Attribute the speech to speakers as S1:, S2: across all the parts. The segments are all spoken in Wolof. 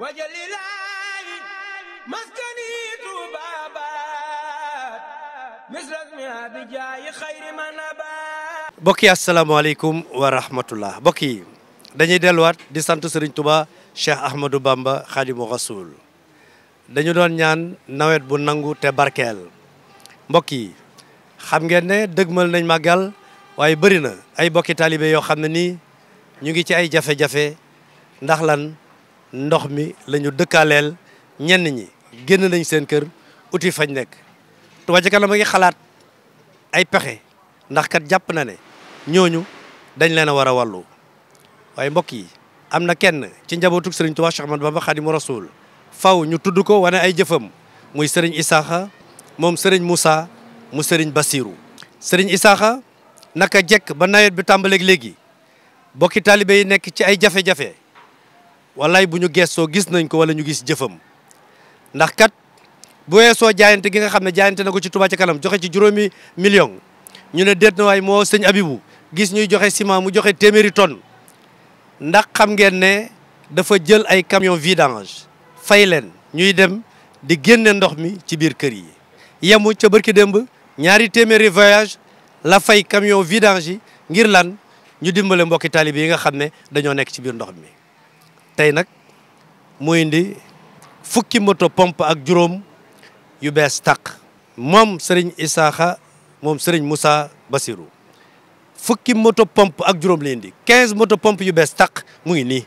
S1: wajalilaayi maskani tuubaabaat misrasmi abijaayi yi asalaamaaleykum wa mbokk yi dañuy delluwaat di sant Serigne Touba Cheikh Ahmadou Bamba Khadimu Rasoul dañu doon ñaan nawet bu nangu te barkeel mbokk yi xam ngeen ne dëgmal nañ màggal waaye bëri na ay bokki taalibe yoo xam ne nii ñu ngi ci ay jafe-jafe ndax lan ndox mi lañu dëkkaaleel ñenn ñi génn nañ seen kër uti fañ nekk Touba Ca Kanam a ngi xalaat ay pexe ndax kat jàpp na ne ñooñu dañ leen a war a wàllu waaye mbokk yi am na kenn ci njabootu Serigne Touba Cheikh Ahmadou Bamba Khadimu Rasoul faw ñu tudd ko wane ay jëfam muy Serigne Isaaxa moom Serigne Moussa mu Serigne Bassirou Serigne Isaaxa naka jekk ba nawet bi tàmbaleeg léegi bokki taalibe yi nekk ci ay jafe-jafe walay bu ñu gestoo gis nañ ko wala ñu gis jëfam ndax kat bu weesoo jaayante gi nga xam ne jaayante na ko ci Touba ci kanam joxe ci juróomi million ñu ne déet na waay moo sëñ Abibu gis ñuy joxe ciment mu joxe téeméeri ton ndax xam ngeen ne dafa jël ay camion vidange fay leen ñuy dem di génne ndox mi ci biir kër yi yemu ca barki démb ñaari téeméeri voyage la fay camion vidange yi ngir lan ñu dimbale mbokki taalibe yi nga xam ne dañoo nekk ci biir ndox mi tey nag mu indi fukki moto pomp ak juróom yu bees tàq moom sëriñ Isaaxa moom sëriñ Moussa basiru fukki moto pompe ak juróom la indi 15 moto pompe yu bees tàq mu ngi nii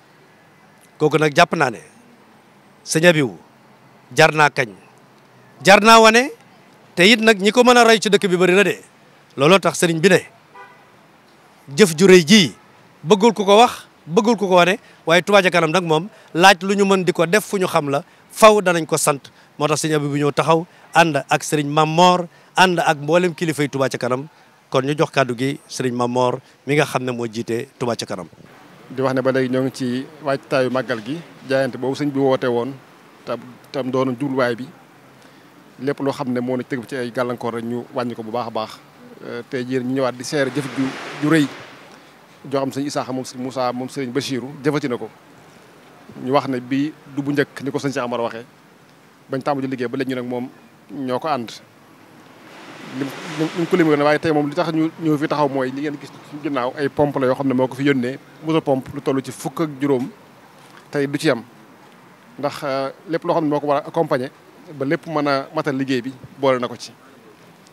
S1: kooku nag jàpp naa ne sëñ jar naa kañ jar naa wane te it nag ñi ko mën a rey ci dëkk bi bëri na de looloo tax sëriñ bi ne jëf ju ji bëggul ku ko wax bëggul ko ko wane waaye Touba ca kanam nag moom laaj lu ñu mën di ko def fu ñu xam la faw danañ ko sant moo tax sëñ abi bu ñëw taxaw ànd ak sëriñ Mamor ànd ak mboolem kilifay Touba ca kanam kon ñu jox kàddu gi sëriñ mamoor mi nga xam ne moo jiite Touba ca kanam. di wax ne ba léegi ñoo ngi ci waajtaayu màggal gi jaayante boobu
S2: sëñ bi wootee woon tam doonu doon jubluwaay bi lépp loo xam ne moo na tëgg ci ay gàllankoor rek ñu wàññi ko bu baax a baax te jii ñu ñëwaat di seere jëf ju rëy. joo xam sëñ Isaaxa moom Moussa moom sëriñ Bachiru jëfati na ko ñu wax ne bii du bu njëkk ni ko sëñ Cheikh Amar waxee bañ tàmm di liggéey ba léegi ñu nag moom ñoo ko ànd li ñu ko limee ne waaye tey moom li tax ñu ñëw fi taxaw mooy li ngeen gis ci ginnaaw ay pompe la yoo xam ne moo ko fi yónnee moto pompe lu toll ci fukk ak juróom tey du ci yam ndax euh, lépp loo xam ne moo ko war a accompagner ba lépp mën a matal liggéey bi boole na ko ci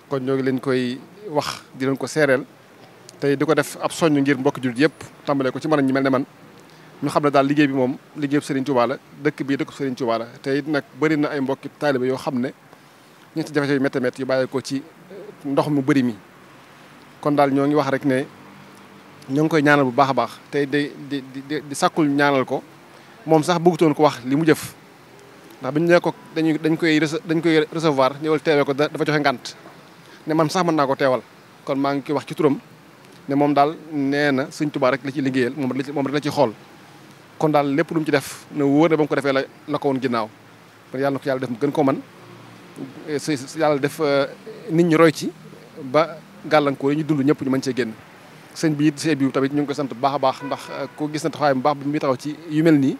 S2: kon ñoo leen koy wax di leen ko seereel tey di ko def ab soññ ngir mbokki jullit yëpp tàmbale ko ci mën ñi mel ne man ñu xam ne daal liggéey bi moom liggéey Serigne Touba la dëkk bii dëkk Serigne Touba la te nag bëri na ay mbokki taalibe yoo xam ne ñu ci jafe-jafe yu métti métti yu bàyyee ko ci ndox mu bëri mi kon daal ñoo ngi wax rek ne ñoo ngi koy ñaanal bu baax a baax tey day di di di sàkkul ñaanal ko moom sax bëggutoon ko wax li mu jëf ndax bi ñu ko dañuy dañ koy rese dañ koy resevoir ñëwal teewee ko dafa joxe ne man sax naa ko teewal kon maa ngi koy wax ci turam ne moom daal nee na sëñ Tuubaa rek la ci liggéeyal moom rek moom rek la ci xool kon daal lépp lu ci def ne wóor na ba mu ko defee la la ko woon ginnaaw kon yàlla na ko yàlla def mu gën ko man eh, yàlla def eh, nit ñi roy ci ba gàllankoor yi ñu dund ñëpp ñu mën cee génn sëñ bi sëñ bi tamit ñu ngi koy sant bu baax a baax ndax eh, koo gis na taxawaay bu baax bi muy taxaw ci yu mel nii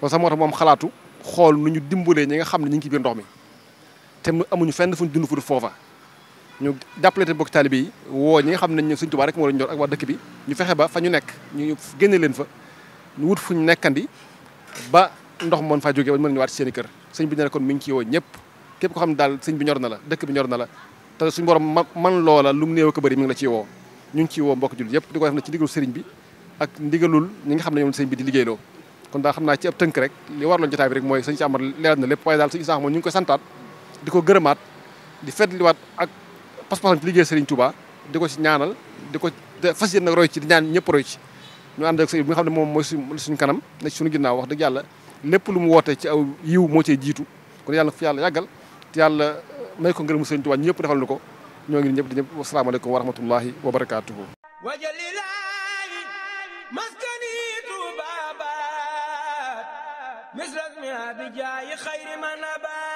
S2: loolu sax moo tax moom xalaatu xool nu ñu dimbalee ñi nga xam ne ñu ngi ci biir ndox mi te mu amuñu fenn fuñ dund fu dul foofa ñu jàppale te bokk taalibe yi woo xam nañ ne Sëriñ Tuubaa rek moo la ñor ak waa dëkk bi ñu fexe nekk ñu génne leen fa ñu wut fuñ nekkandi ba ndox moon faa ne kon mi ngi ci woo ñëpp képp ko xam ne daal sëñ bi bi ñor na la te suñu borom ma man loola la ciy woo ñu ngi ciy woo mbokk jullit yëpp di ko def bi ak ndigalul ñi nga xam ne ñoom sëriñ bi di liggéeyloo rek li warloon jotaay bi rek mooy sëñ si na lépp waaye daal sëñ Isaax moom ñu ngi koy santaat di ko gërëmaat ak pas-pasam ci liggéey Serigne Touba di ko ci ñaanal di ko fas yéene nag roy ci di ñaan ñëpp roy ci ñu ànd ak sëriñ bi nga xam ne moom mooy suñu kanam ne ci suñu ginnaaw wax dëgg yàlla lépp lu mu woote ci aw yiw moo cee jiitu kon yàlla fi yàlla yàggal te yàlla may ko ngërëmu Serigne Touba ñëpp defal nu ko ñoo ngi ñëpp di ñëpp wasalaamaaleykum wa rahmatullahi wa barakaatuhu wajalilahi maskani